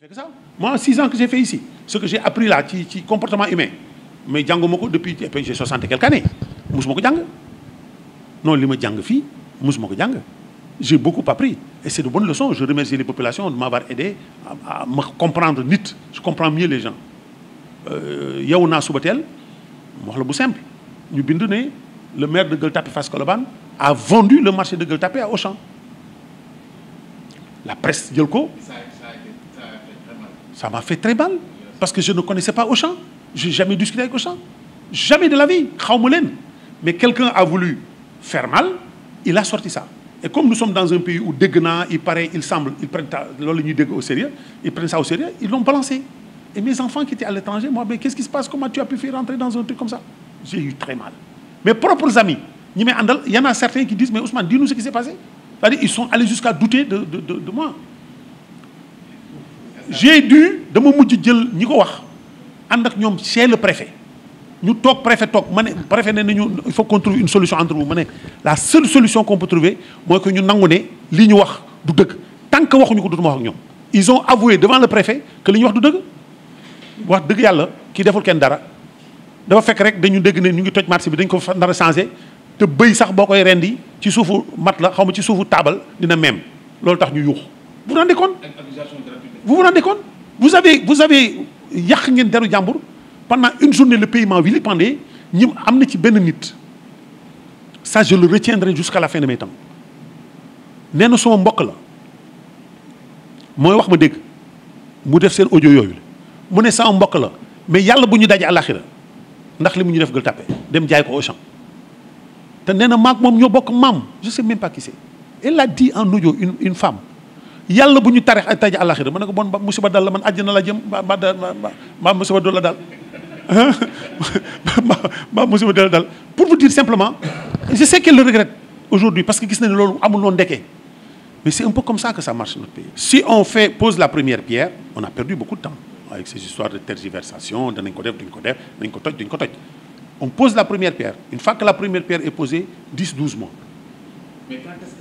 Moi, ça moi six ans que j'ai fait ici ce que j'ai appris là c'est comportement humain mais Django Moko depuis eh ben, j'ai 60 et quelques années Mousse Moko Django. non li ma pas fii j'ai beaucoup appris et c'est de bonnes leçons je remercie les populations de m'avoir aidé à me comprendre vite. je comprends mieux les gens Il y a un simple le maire de Gueltapé, Fas a vendu le marché de Gueltapé à Auchan la presse Gelko. Ça m'a fait très mal, parce que je ne connaissais pas Auchan. Je n'ai jamais discuté avec Auchan. Jamais de la vie, Mais quelqu'un a voulu faire mal, il a sorti ça. Et comme nous sommes dans un pays où Degna, il paraît, il semble, ils prennent, au sérieux, ils prennent ça au sérieux, ils l'ont balancé. Et mes enfants qui étaient à l'étranger, moi, mais qu'est-ce qui se passe Comment tu as pu faire rentrer dans un truc comme ça J'ai eu très mal. Mes propres amis, il y en a certains qui disent, mais Ousmane, dis-nous ce qui s'est passé. Ils sont allés jusqu'à douter de moi j'ai dû de mon jël ñi ko wax ànd ak c'est le préfet ñu toog préfet toog mané préfet né il faut qu'on trouve une solution entre vous mané la seule solution qu'on peut trouver moi que ñu nangu ne lii ñu wax du tant que waxuñu ko dootuma wax ak ils ont avoué devant le préfet que li ñu wax du dëgg wax qui défend kii deful kenn dara dafa fekk rek dañu dégg ne ñu ngi toj marché bi dañ ko nar a changé te bëy sax bokoy rendi ci suufu mat la xaw ci suufu table dina même lolou tax ñu yux vous rendez compte vous vous rendez compte vous avez vous avez yàq ngeen deru jambour pendant une journée le pays m'a vilipendé ñi am ci benn nit ça je le retiendrai jusqu'à la fin de mes temps nee nous sama bocal. la je wax ma dég. mu def seen audio yooyu mu ne sommes mbokk la mais yàlla bu ñu daje àlaxira ndax li mu ñu def gël tàppe dem jaay ko champ. te nee na bokk je sais même pas qui c'est elle a dit en audio une une femme pour vous dire simplement je sais qu'elle le regrette aujourd'hui parce que gis na pas amul mais c'est un peu comme ça que ça marche notre pays si on fait pose la première pierre on a perdu beaucoup de temps avec ces histoires de tergiversation d'un d'un on pose la première pierre une fois que la première pierre est posée 10 12 mois mais quand est-ce que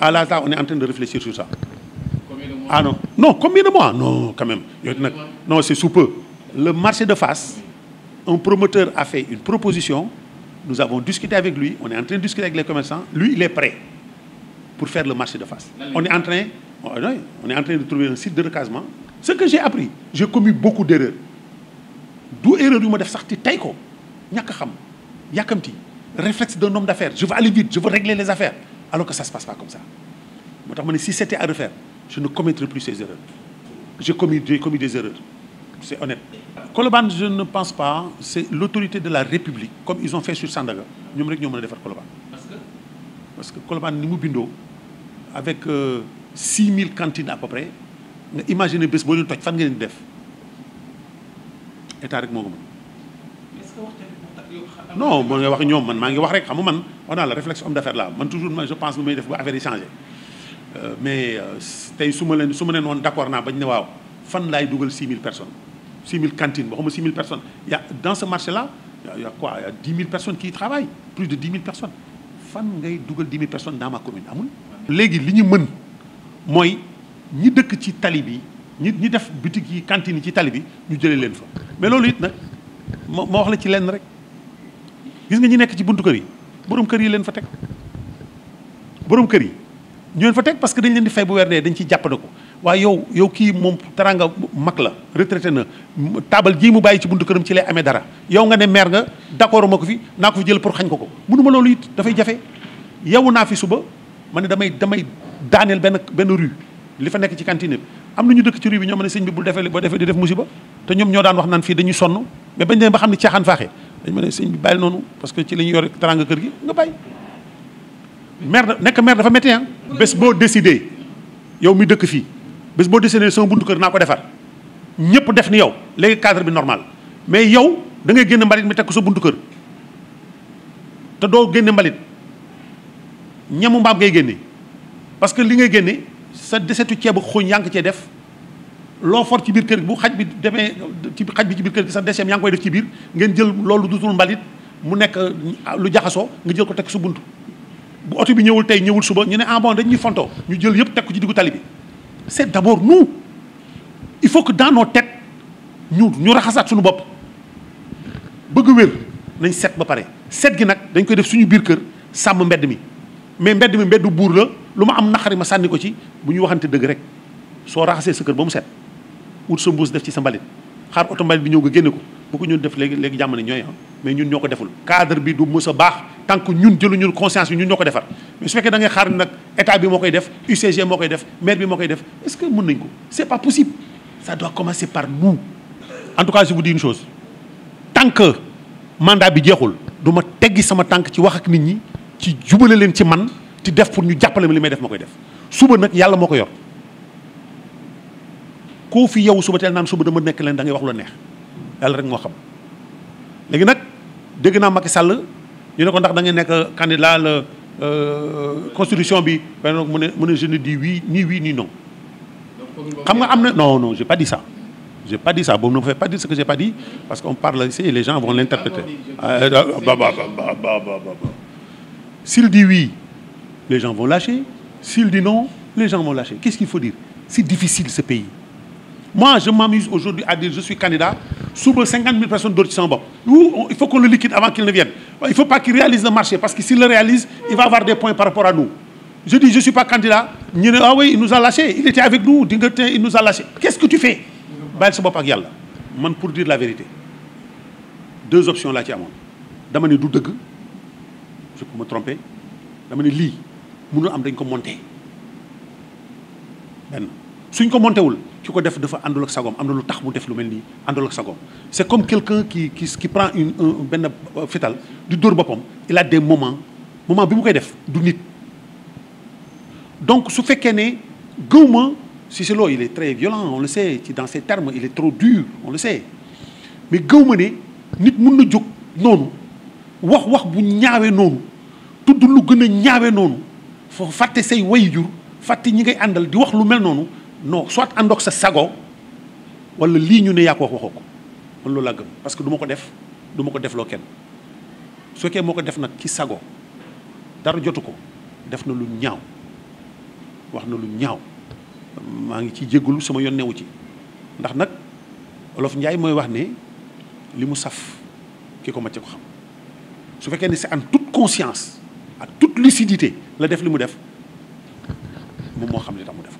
ah, on est en train de réfléchir sur ça ah non. Non, combien de mois Non, quand même. Non, c'est sous peu. Le marché de face, un promoteur a fait une proposition. Nous avons discuté avec lui. On est en train de discuter avec les commerçants. Lui, il est prêt pour faire le marché de face. On est en train, oh, on est en train de trouver un site de recasement. Ce que j'ai appris, j'ai commis beaucoup d'erreurs. D'où erreur du mode taïko. de yakamti. Réflexe d'un homme d'affaires. Je veux aller vite, je veux régler les affaires. Alors que ça ne se passe pas comme ça. Si c'était à refaire, je ne commettrai plus ces erreurs. J'ai commis, commis des erreurs. C'est honnête. Coloban, je ne pense pas, c'est l'autorité de la République, comme ils ont fait sur Sandaga. Nous devons faire Coloban. Parce que Parce que Koloban, nous avec 6000 euh, cantines à peu près, imaginez bés boo leen toj fan ngeen def état rek moo ko mën. non je nga wax ñoom man avez ngi wax rek xam nga man on a la réflexion homme d'affaires là toujours je pense que may def faire euh, mais euh, tay su len leen len won d'accord na bañ ne waaw fan lay dougal 6000 personnes 6000 cantines boo xam 6000 personnes y a dans ce marché là il y a quoi il y a 10000 personnes qui travaillent plus de 10000 personnes fan ngay dougal 10000 personnes dans ma commune amul. légui li ñu mën moy ñi dëkk ci tali bi ñi ñi def boutique yi cantine ci tali bi ñu jëlé len fa mais lolu it nak mo wax la ci len rek gis nga ñi nekk ci buntu kër yi borom kër yi len fa tek borom kër yi. ñu leen fa teg parce que dañ leen di fay bu weer dee dañ ciy jàppandiku waaye yow yow kii moom teraanga mag la retraité na taabal jii mu bàyyi ci buntu këram ci lay amee dara yow nga ne maire nga d'accord ma ko fi naa ko fi jël pour xañ ko ko mënu ma loolu it dafay jafe yow naa fi suba ma ne damay damay daaneel benn benn rue li fa nekk ci cantine bi am na ñu dëkk ci rue bi ñoo ma ne sëñ bi bul defee boo defee di def musiba te ñoom ñoo daan wax naan fii dañuy sonn mais bañ demee ne caaxaan faaxee dañ ma ne parce que ci la ñuy yor teraanga kër gi nga bàyyi maire nekk maire dafa métti ah. bes bo décider yow mi dëkk fi bes bo décider sama buntu kër naa ko ñëpp def ni yow légui cadre bi normal mais yow da ngay génn mbalit mi tek ko sa buntu kër te do génne mbalit ñamu mbaam ngay génne parce que li ngay génne sa desetu ceebu xooñ yaa ci def lo for ci bir kër bu xaj bi démé ci xaj bi ci bir kër sa deseem yaa koy def ci bir ngeen jël loolu dutul mbalit mu nek lu jaxaso nga jël ko tek sa buntu bu oto bi ñëwul tey ñëwul suba ñu ne ah bon dañuy fontoo ñu jël yëpp teg ko ci diggu tali bi c'est d'abord nous il faut que dans nos ñu ñu raxasaat suñu bopp bëgg wér nañ set ba pare set gi nag dañ koy def suñu biir kër sàmm mbedd mi mais mbedd mi mbedd buur la lu ma am naqari ma sànni ko ci bu ñu waxante dëgg rek soo raxasee sa kër ba mu set ut sa mbuus def ci sa mbalit xaar oto mbalit bi ñëw nga génne ko bu ko ñun def léegi léegi jàmm ne ñooy mais ñun ñoko ko deful cadre bi du mësa bax baax tant que ñun jëluñu conscience ñun ñoko défar mais su fekkee da ngay xaar nak état bi moo koy def UCG moo koy def maire bi moo koy def est-ce que mën nañ ko c'est pas possible ça doit commencer par nous en tout cas je vous dis une chose tant que mandat bi jéxul du ma teggi sama tank ci wax ak nit ñi ci jubalé leen ci man ci def pour ñu jappalé li may def ma koy def suba nak yalla moo ko yor koo fi yow suba teel naan suba dama nek leen da ngay wax lu neex yalla rek mo xam léegi nag Dès naa Macky Sall ñu ne ko ndax da nekk candidat la euh, constitution bi je ne dis oui ni oui ni non. Non, non non j'ai pas dit ça. j'ai pas dit ça bon ne fait pas dire ce que j'ai pas dit parce qu'on parle ici et les gens vont l'interpréter s'il dit oui les gens vont lâcher s'il dit non les gens vont lâcher qu'est-ce qu'il faut dire c'est difficile ce pays moi, je m'amuse aujourd'hui à dire je suis candidat. Sous 50 000 personnes d'autres Il faut qu'on le liquide avant qu'il ne vienne. Il ne faut pas qu'il réalise le marché parce que s'il le réalise, il va avoir des points par rapport à nous. Je dis, je ne suis pas candidat. Ah oui, il nous a lâchés. Il était avec nous. Il nous a lâchés. Qu'est-ce que tu fais Pour dire la vérité, deux options là qui dama ne du je peux me tromper Je ne Nous ne am pas ko monter Ben suñ ko monté wul ki ko def dafa àndul ak sagoom am na lu tax mu def lu mel nii àndul ak sagoom c'est comme quelqu'un qui qui qui prend une benn euh, fital du dóor boppam il a des moments moment bi mu koy def du nit donc su fekkee si c'est l'eau, il est très violent on le sait ci dans ces termes il est trop dur on le sait mais gëwma ne nit mun na jóg noonu wax wax bu ñaawee noonu tudd lu gën a ñaawee noonu foo fàtte say way jur ñi ngay àndal di wax lu mel noonu non soit àndoog sa sago wala li ñu ne ya ko wax waxoo man parce que duma ko def duma ma ko defloo kenn su fekkee moo def nak ki sago dara jotu ko def na lu ñaaw wax na lu ñaaw ma ngi ci jégalu sama yonne wu ci ndax nak olof njaay moy wax ne limu saf kiko macce ko xam su fekkee ne en toute conscience à toute lucidité la def li mu def moom moo xam li tax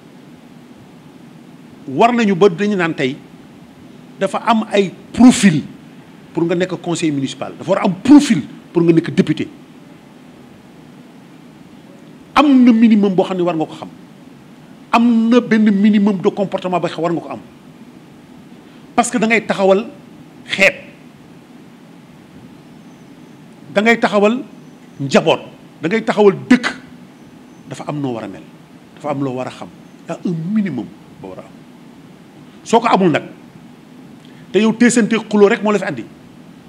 war nañu ba dañu nan tay dafa am ay profil pour nga nek conseil municipal dafa war am profil pour nga nek député am na minimum bo xamni war nga ko xam am na ben minimum de comportement ba war nga ko am parce que da ngay taxawal xeet da ngay taxawal njabot da ngay taxawal dëkk dafa am no wara mel dafa am lo wara a xam un minimum bo wara am soo ko amul nag te yow teesante xuloo rek moo la fi andi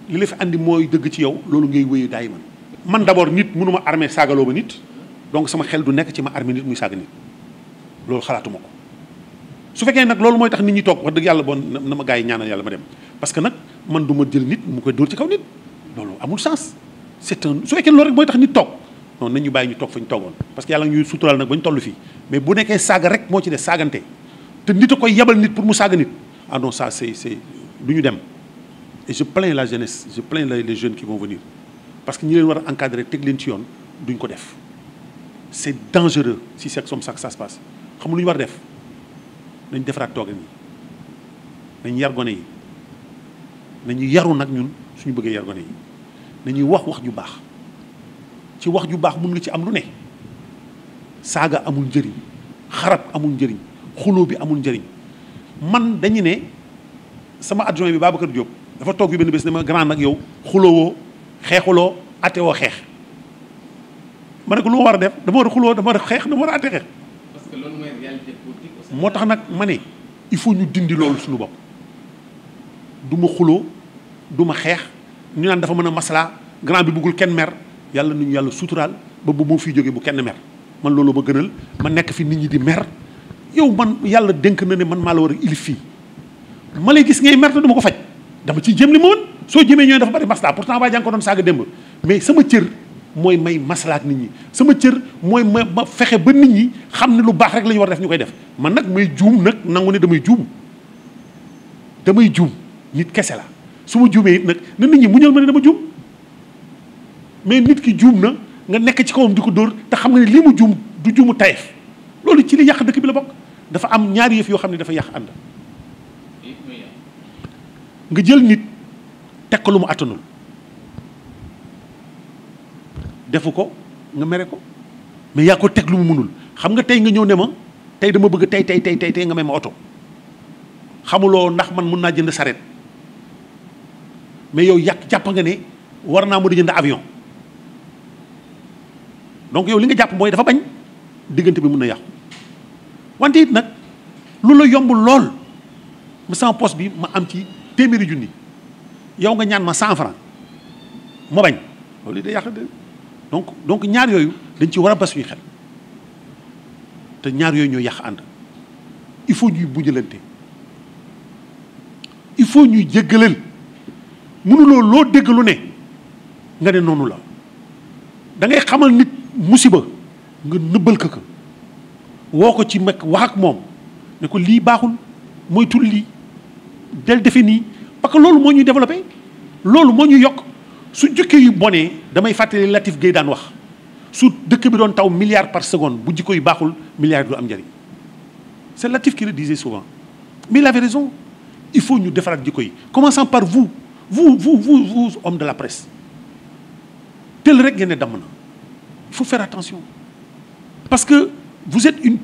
li la fi andi mooy dëgg ci yow loolu ngay wéyu daay man man d'abord nit mënuma armé saagaloo ma nit donc sama xel du nekk ci ma armé nit muy saaga nit loolu xalaatuma ko su fekkee nag loolu mooy tax nit ñi toog wax dëgg yàlla bon na ma gars ma dem parce que nag man du ma jël ci kaw nit loolu amul sens c'est un su fekkee loolu rek mooy tax nit toog noonu nañ bàyyi ñu toog fa ñu toogoon parce que yàlla ñuy suturaal nag ba ñu toll fii mais bu nekkee saaga rek moo ci des saagante te nit a yabal nit pour mu nit ah non ça c'est c'est duñu et je plains la jeunesse je plains les jeunes qui vont venir parce que ñi encadrer tek leen ci yoon duñ ko c'est dangereux si c'est comme ça que ça se passe xam luñu war def nañ defaraat toogin yi nañ yar des yi nañu yaru ñun suñu yar wax wax ju baax ci wax ju baax ci am lu saaga amul xarab amul xuloo bi amul njëriñ man dañu ne sama adjoint bi baa ba kër Diop dafa toog bi benn bés ne ma grand nag yow xuloowoo xeexuloo atte woo xeex ma ne ko lu ma war a def dama war a xuloo dama xeex dama war a atte xeex. moo tax nag ma ne il faut ñu dindi loolu suñu bopp duma ma xuloo du ma xeex ñu naan dafa mën a maslaa grand bi buggul kenn mer yàlla nu yàlla suturaal ba bu moo fiy jógee bu kenn mer man loolu ma gënal ma nekk fi nit ñi di mer. yow man yalla denk na ne man maa la war il fi fii ma lay gis ngay merte du ma ko fajj dama ci jëm li ma mën soo jëmee ñooy dafa bari masla pourtant ba jang ko don saga demb mais sama cieur moy may ak nit ñi sama cieur moy ma fexé ba nit ñi xamni lu baax rek la ñu war def ñukay def man nak may joom nak nangu ne damay joom damay joom nit kessé la suma joomé nak na nit ñi muñal ma dama joom mais nit ki joom na nga nek ci kawam di ko dóor xam nga ne lii du joomu tayef lolou ci li yak dëkk bi la bok dafa am ñaari yëf yoo xam ne dafa yàq ànd nga jël nit teg ko lu mu attanul defu ko nga mere ko mais yaa ko teg lu mu mënul xam nga tey nga ñëw ne ma tey dama bëgg tey tey tey tey tey nga may ma oto xamuloo ndax man mun naa jënd saret mais yow yàq jàpp nga ne war naa mën a jënd avion donc yow li nga jàpp mooy dafa bañ diggante bi mun na yàqu wante it nag lu la yomb lool mu sama poste bi ma am ci téeméeri junni yow nga ñaan ma cent franc ma bañ loolu it day yàq de donc donc ñaar yooyu dañ ci war a bas suñu xel te ñaar yooyu ñoo yàq ànd il faut ñuy bujjalante il faut ñuy jéggalal mënuloo loo dégg lu ne nga ne noonu la da ngay xamal nit musiba nga nëbbal ko ko woko ci mek wax ak ne ko li baxul tout lii del defini parce que lolu moo ñuy développé loolu moo ñu yokk su jikko yu bonee damay fàttali Latif Guèye daan wax su dëkk bi don taw milliard par seconde bu jikko yu baaxul milliard du am jari c'est Latif qui le disait souvent mais il avait raison il faut ñu defaraat jikko yi commençant par vous vous vous vous vous homme de la presse tel rek ngeen ne il faut faire attention parce que vous êtes une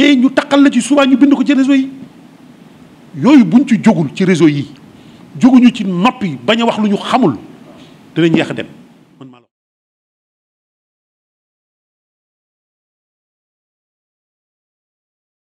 mais ñu taqal na ci souvent ñu bind ko ci réseau yi yooyu buñ ci jógul ci réseau yi jóguñu ci noppi bañ a wax lu ñu xamul dinañ yéex a dem.